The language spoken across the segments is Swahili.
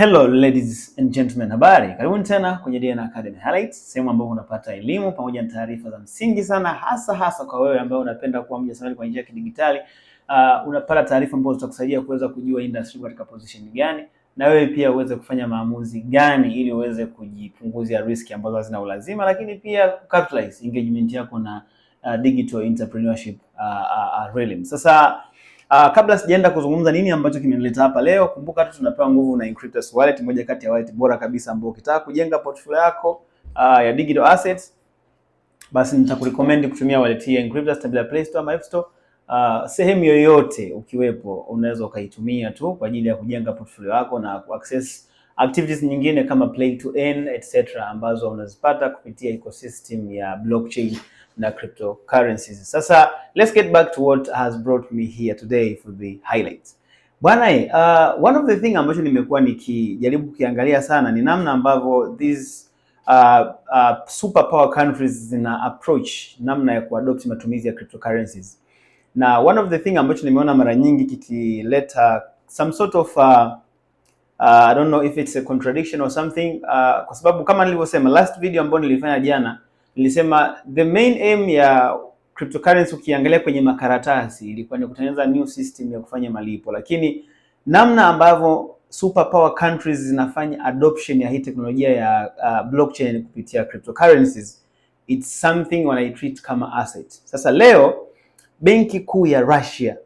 Hello ladies and gentlemen, habari, karibuni tena kwenye DNA Academy Highlights, sehemu ambayo unapata elimu pamoja na taarifa za msingi sana, hasa hasa kwa wewe ambaye unapenda kuwa mjasiriamali kwa njia ya kidigitali. Uh, unapata taarifa ambazo zitakusaidia kuweza kujua industry katika position gani, na wewe pia uweze kufanya maamuzi gani ili uweze kujipunguzia riski ambazo hazina ulazima, lakini pia capitalize engagement yako na uh, digital entrepreneurship uh, uh, realm. Sasa Uh, kabla sijaenda kuzungumza nini ambacho kimenileta hapa leo, kumbuka tu tunapewa nguvu na Inkryptus Wallet, moja kati ya wallet bora kabisa ambao ukitaka kujenga portfolio yako uh, ya digital assets, basi nitakurecommend kutumia wallet hii ya Inkryptus na Play Store ama App Store. Uh, sehemu yoyote ukiwepo unaweza ukaitumia tu kwa ajili ya kujenga portfolio yako na access activities nyingine kama play to earn etc ambazo unazipata kupitia ecosystem ya blockchain na cryptocurrencies. Sasa let's get back to what has brought me here today for the highlights. Bwana uh, one of the thing ambacho nimekuwa nikijaribu kukiangalia sana ni namna ambavyo these uh, uh, superpower countries zina approach namna ya kuadopt matumizi ya cryptocurrencies. Na one of the thing ambacho nimeona mara nyingi kikileta some sort of uh, Uh, I don't know if it's a contradiction or something uh, kwa sababu kama nilivyosema last video ambayo nilifanya jana, nilisema the main aim ya cryptocurrency ukiangalia kwenye makaratasi ilikuwa ni kutengeneza new system ya kufanya malipo, lakini namna ambavyo superpower countries zinafanya adoption ya hii teknolojia ya uh, blockchain kupitia cryptocurrencies it's something treat kama asset. Sasa leo benki kuu ya Russia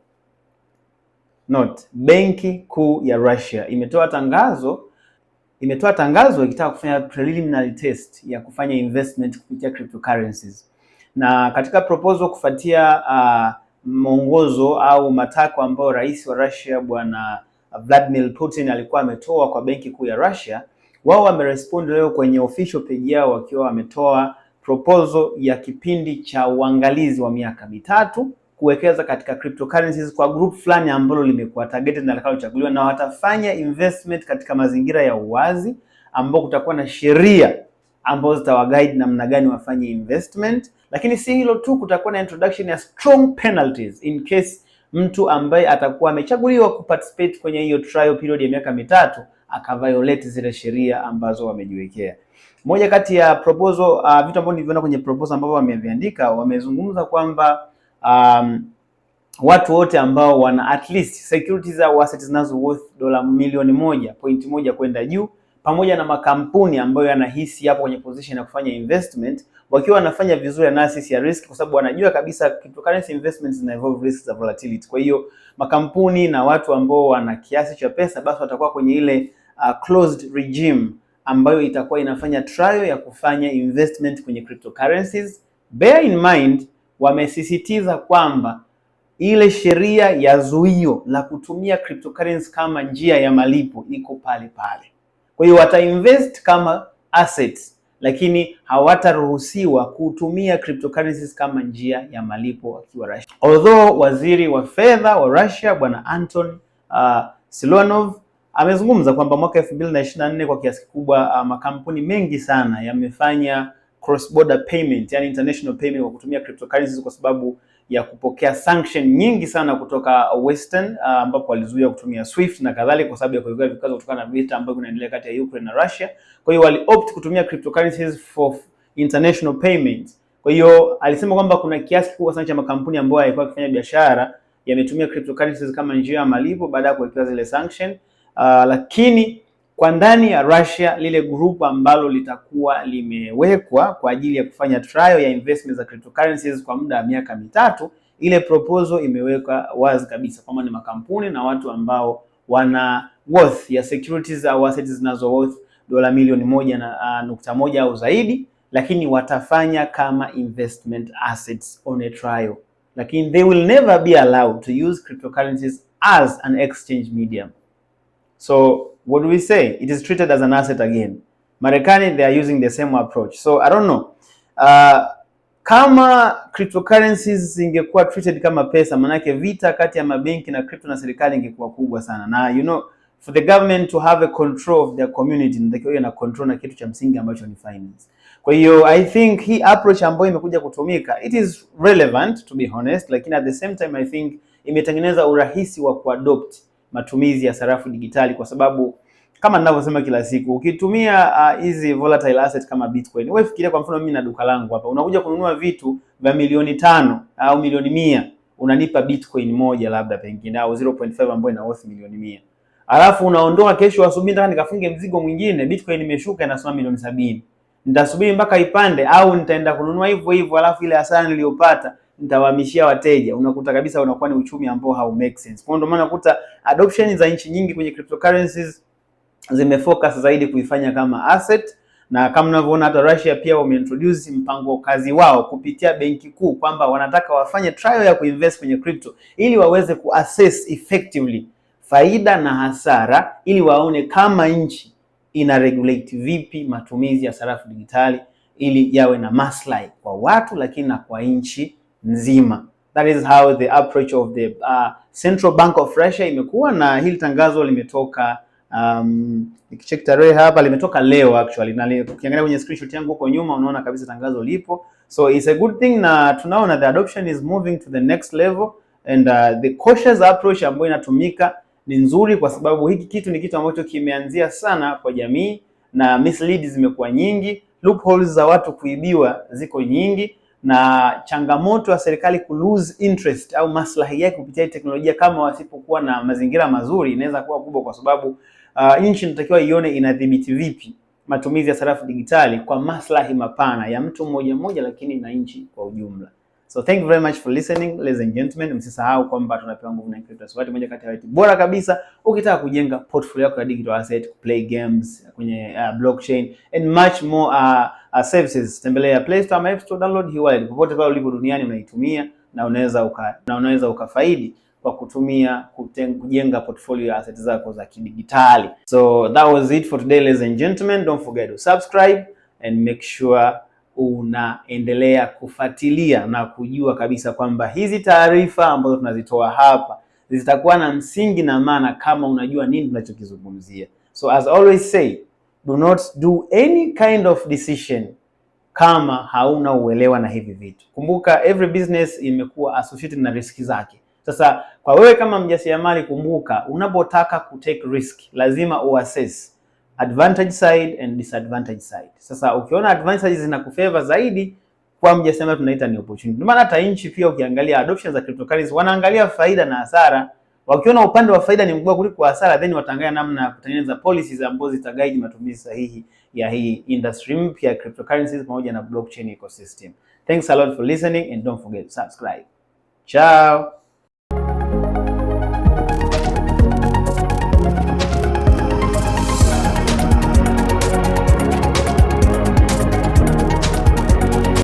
Note, Benki Kuu ya Russia imetoa tangazo imetoa tangazo ikitaka kufanya preliminary test ya kufanya investment kupitia cryptocurrencies. Na katika proposal kufuatia uh, mwongozo au matakwa ambayo rais wa Russia bwana Vladimir Putin alikuwa ametoa kwa Benki Kuu ya Russia, wao wamerespond leo kwenye official page yao wakiwa wametoa proposal ya kipindi cha uangalizi wa miaka mitatu kuwekeza katika cryptocurrencies kwa group fulani ambalo limekuwa targeted na litakalochaguliwa, na watafanya investment katika mazingira ya uwazi, ambao kutakuwa na sheria ambazo zitawaguide namna gani wafanye investment. Lakini si hilo tu, kutakuwa na introduction ya strong penalties in case mtu ambaye atakuwa amechaguliwa kuparticipate kwenye hiyo trial period ya miaka mitatu akaviolate zile sheria ambazo wamejiwekea. Moja kati ya proposal uh, vitu ambavyo niliviona kwenye proposal ambavyo wameviandika, wamezungumza kwamba um, watu wote ambao wana at least securities au assets zinazo worth dola milioni moja point moja kwenda juu, pamoja na makampuni ambayo yanahisi hapo kwenye position ya kufanya investment, wakiwa wanafanya vizuri analysis ya risk, kwa sababu wanajua kabisa cryptocurrency investments zina involve risks za volatility. Kwa hiyo makampuni na watu ambao wana kiasi cha pesa, basi watakuwa kwenye ile uh, closed regime ambayo itakuwa inafanya trial ya kufanya investment kwenye cryptocurrencies. Bear in mind wamesisitiza kwamba ile sheria ya zuio la kutumia cryptocurrency kama njia ya malipo iko pale pale. Kwa hiyo watainvest kama assets, lakini hawataruhusiwa kutumia cryptocurrencies kama njia ya malipo wakiwa Russia. Although waziri wa fedha wa Russia bwana Anton uh, Silonov amezungumza kwamba mwaka 2024 kwa kiasi kikubwa uh, makampuni mengi sana yamefanya cross border payment, yani international payment kwa kutumia cryptocurrencies kwa sababu ya kupokea sanction nyingi sana kutoka Western ah, ambapo uh, walizuia kutumia Swift na kadhalika kwa sababu ya kuiga vikwazo kutokana na vita ambavyo vinaendelea kati ya Ukraine na Russia. Kwa hiyo wali opt kutumia cryptocurrencies for international payment. Kwa hiyo alisema kwamba kuna kiasi kikubwa sana cha makampuni ambayo yalikuwa yakifanya biashara yametumia cryptocurrencies kama njia ya malipo baada ya kuwekewa zile sanction uh, lakini kwa ndani ya Russia lile grupu ambalo litakuwa limewekwa kwa ajili ya kufanya trial ya investment za cryptocurrencies kwa muda wa miaka mitatu. Ile proposal imewekwa wazi kabisa kwamba ni makampuni na watu ambao wana worth ya securities au assets zinazo worth dola milioni moja na ah, nukta moja au zaidi, lakini watafanya kama investment assets on a trial, lakini they will never be allowed to use cryptocurrencies as an exchange medium so what do we say? It is treated as an asset again. Marekani, they are using the same approach. So I don't know. Uh, kama cryptocurrencies zingekuwa treated kama pesa, manake vita kati ya mabenki na crypto na serikali ingekuwa kubwa sana, na you know for the government to have a control of their community, natakiwa na control na kitu cha msingi ambacho ni finance. Kwa hiyo I think hii approach ambayo imekuja kutumika it is relevant to be honest, lakini at the same time I think imetengeneza urahisi wa kuadopt matumizi ya sarafu digitali, kwa sababu kama ninavyosema kila siku, ukitumia uh, hizi uh, volatile asset kama Bitcoin, wewe fikiria kwa mfano mimi na duka langu hapa, unakuja kununua vitu vya milioni tano au milioni mia unanipa Bitcoin moja labda pengine au 0.5 ambayo ina worth milioni mia alafu unaondoka kesho asubuhi, nataka nikafunge mzigo mwingine, Bitcoin imeshuka inasoma milioni sabini nitasubiri mpaka ipande au nitaenda kununua hivyo hivyo, alafu ile hasara niliyopata nitawahamishia wateja, unakuta kabisa unakuwa ni uchumi ambao hau make sense. Kwa ndio maana unakuta adoption za nchi nyingi kwenye cryptocurrencies zimefocus zaidi kuifanya kama asset na kama unavyoona hata Russia pia wameintroduce mpango kazi wao kupitia benki kuu kwamba wanataka wafanye trial ya kuinvest kwenye crypto ili waweze kuassess effectively faida na hasara, ili waone kama nchi ina regulate vipi matumizi ya sarafu digitali ili yawe na maslahi kwa watu, lakini na kwa nchi nzima. That is how the approach of the uh, Central Bank of Russia imekuwa, na hili tangazo limetoka um, ikicheck tarehe hapa limetoka leo actually, na ukiangalia kwenye screenshot yangu huko nyuma unaona kabisa tangazo lipo, so it's a good thing, na tunaona the adoption is moving to the next level and uh, the cautious approach ambayo inatumika ni nzuri, kwa sababu hiki kitu ni kitu ambacho kimeanzia sana kwa jamii na misleads zimekuwa nyingi, loopholes za watu kuibiwa ziko nyingi na changamoto ya serikali ku lose interest au maslahi yake kupitia teknolojia kama wasipokuwa na mazingira mazuri inaweza kuwa kubwa, kwa sababu uh, nchi inatakiwa ione inadhibiti vipi matumizi ya sarafu digitali kwa maslahi mapana ya mtu mmoja mmoja, lakini na nchi kwa ujumla. So thank you very much for listening ladies and gentlemen, msisahau kwamba tunapewa nguvu na CryptoSwati, moja kati ya bora kabisa ukitaka kujenga portfolio yako ya digital asset, play games kwenye uh, blockchain and much more uh, uh, services, tembelea Play Store ama App Store, download Hiwallet. Popote pale ulipo duniani unaitumia na unaweza uka, na unaweza ukafaidi kwa kutumia kujenga portfolio ya assets zako za kidigitali. So that was it for today ladies and gentlemen, don't forget to subscribe and make sure unaendelea kufuatilia na kujua kabisa kwamba hizi taarifa ambazo tunazitoa hapa zitakuwa na msingi na maana kama unajua nini tunachokizungumzia. So as always say do not do any kind of decision kama hauna uelewa na hivi vitu. Kumbuka every business imekuwa associated na riski zake. Sasa kwa wewe kama mjasiriamali, kumbuka unapotaka ku take risk lazima uassess advantage side and disadvantage side. Sasa ukiona advantages zinakufavor zaidi kwa mjasiriamali, tunaita ni opportunity. Ndio maana hata nchi pia ukiangalia adoption za cryptocurrency wanaangalia faida na hasara. Wakiona upande wa faida ni mkubwa kuliko hasara, then wataangalia namna ya kutengeneza policies ambazo zitagaidi matumizi sahihi ya hii industry mpya cryptocurrencies pamoja na blockchain ecosystem. Thanks a lot for listening and don't forget to subscribe. Ciao.